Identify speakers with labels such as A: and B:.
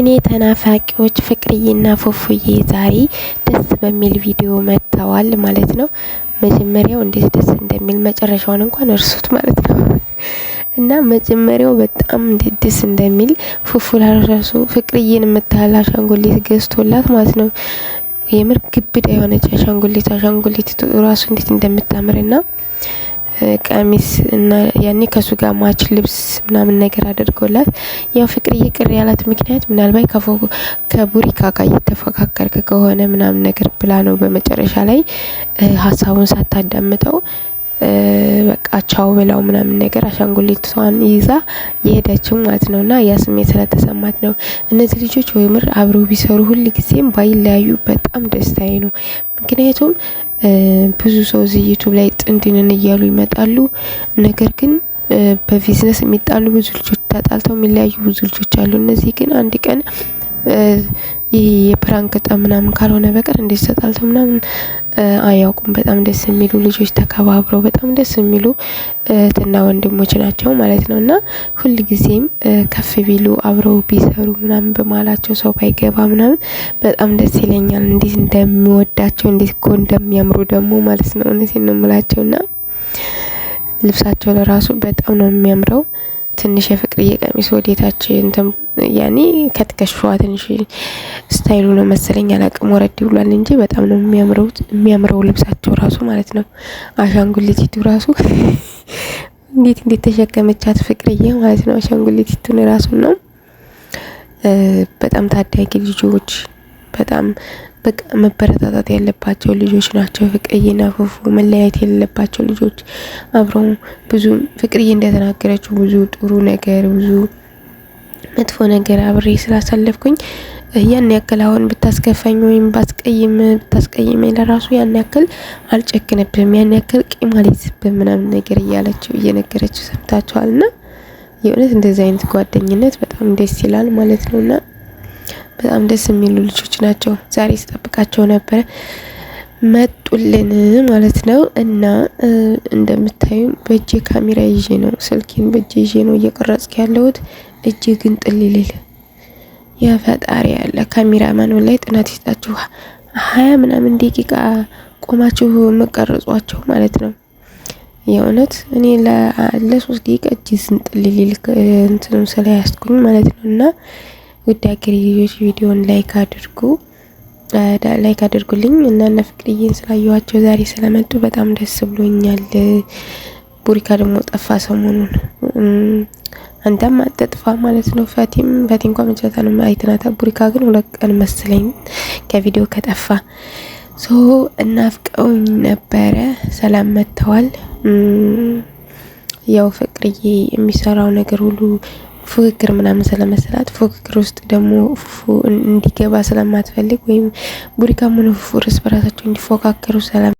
A: እኔ ተናፋቂዎች ፍቅርዬና ፉፉዬ ዛሬ ደስ በሚል ቪዲዮ መጥተዋል ማለት ነው። መጀመሪያው እንዴት ደስ እንደሚል መጨረሻውን እንኳን እርሱት ማለት ነው። እና መጀመሪያው በጣም እንዴት ደስ እንደሚል ፉፉ ራሱ ፍቅርዬን የምታህል አሻንጉሊት ገዝቶላት ማለት ነው። የምር ግብዳ የሆነች አሻንጉሊት አሻንጉሊት ራሱ እንዴት እንደምታምርና ቀሚስ እና ያኔ ከሱ ጋር ማች ልብስ ምናምን ነገር አድርጎላት ያው ፍቅርዬ ቅር ያላት ምክንያት ምናልባት ከቡሪካ ጋር እየተፈካከርክ ከሆነ ምናምን ነገር ብላ ነው። በመጨረሻ ላይ ሀሳቡን ሳታዳምጠው በቃ ቻው ብላው ምናምን ነገር አሻንጉሊቷን ይዛ የሄደችው ማለት ነው። እና ያ ስሜት ስለተሰማት ነው። እነዚህ ልጆች ወይምር አብረው ቢሰሩ ጊዜም ባይለያዩ በጣም ደስታዬ ነው። ምክንያቱም ብዙ ሰው እዚህ ዩቱብ ላይ ጥንድንን እያሉ ይመጣሉ። ነገር ግን በቢዝነስ የሚጣሉ ብዙ ልጆች፣ ተጣልተው የሚለያዩ ብዙ ልጆች አሉ። እነዚህ ግን አንድ ቀን ይህ የፕራንክ እጣ ምናምን ካልሆነ በቀር እንዴት ተጣልተው ምናምን አያውቁም። በጣም ደስ የሚሉ ልጆች ተከባብረው በጣም ደስ የሚሉ እህትና ወንድሞች ናቸው ማለት ነው እና ጊዜም ከፍ ቢሉ አብረው ቢሰሩ ምናምን በማላቸው ሰው ባይገባ ምናምን በጣም ደስ ይለኛል። እንዴት እንደሚወዳቸው እንዴት እኮ እንደሚያምሩ ደግሞ ማለት ነው እውነቴን ነው የምላቸውና ልብሳቸው ለራሱ በጣም ነው የሚያምረው። ትንሽ የፍቅርዬ ቀሚስ ወዴታችን ያኔ ከትከሻዋ ትንሽ ስታይሉ ነው መሰለኝ አላቅም፣ ወረድ ብሏል እንጂ በጣም ነው የሚያምረው ልብሳቸው ራሱ ማለት ነው። አሻንጉሊቲቱ ራሱ እንዴት እንዴት ተሸከመቻት ፍቅርዬ ማለት ነው። አሻንጉሊቲቱን ራሱ ነው በጣም ታዳጊ ልጆች በጣም በቃ መበረታታት ያለባቸው ልጆች ናቸው። ፍቅርዬና ፉፉ መለያየት የሌለባቸው ልጆች አብረው ብዙ ፍቅርዬ እንደተናገረችው ብዙ ጥሩ ነገር ብዙ መጥፎ ነገር አብሬ ስላሳለፍኩኝ ያን ያክል አሁን ብታስከፋኝ ወይም ባስቀይም ብታስቀይም ለራሱ ያን ያክል አልጨክንብም፣ ያን ያክል ቂም አልይዝብም ምናምን ነገር እያለችው እየነገረችው ሰምታችኋል። እና የእውነት እንደዚህ አይነት ጓደኝነት በጣም ደስ ይላል ማለት ነውና በጣም ደስ የሚሉ ልጆች ናቸው። ዛሬ ስጠብቃቸው ነበረ መጡልን ማለት ነው። እና እንደምታዩ በእጄ ካሜራ ይዤ ነው ስልኬን በእጄ ይዤ ነው እየቀረጽኩ ያለሁት። እጄ ግን ጥል ይልል የፈጣሪ ያለ ካሜራ ማን ላይ ጥናት ይስጣችሁ። ሀያ ምናምን ደቂቃ ቆማችሁ መቀረጿቸው ማለት ነው። የእውነት እኔ ለሶስት ደቂቃ እጅ ስንጥል ሊል እንትን ስለያዝኩኝ ማለት ነው እና ውድ ሀገሬ ልጆች ቪዲዮን ላይክ አድርጉ ላይክ አድርጉልኝ እና እነ ፍቅርዬን ስላየኋቸው ዛሬ ስለመጡ በጣም ደስ ብሎኛል። ቡሪካ ደግሞ ጠፋ ሰሞኑን አንተም አትጠፋ ማለት ነው። ፈቲም ፈቲ እንኳን መጫወታ ነው አይተናታ። ቡሪካ ግን ሁለት ቀን መስለኝ ከቪዲዮ ከጠፋ ሶ እናፍቀውኝ ነበረ። ሰላም መጥተዋል። ያው ፍቅርዬ የሚሰራው ነገር ሁሉ ፉክክር ምናምን ስለመሰላት ፉክክር ውስጥ ደግሞ ፉ እንዲገባ ስለማትፈልግ ወይም ቡሪካም ሆነ ፉፉ እርስ በራሳቸው እንዲፎካከሩ ሰላም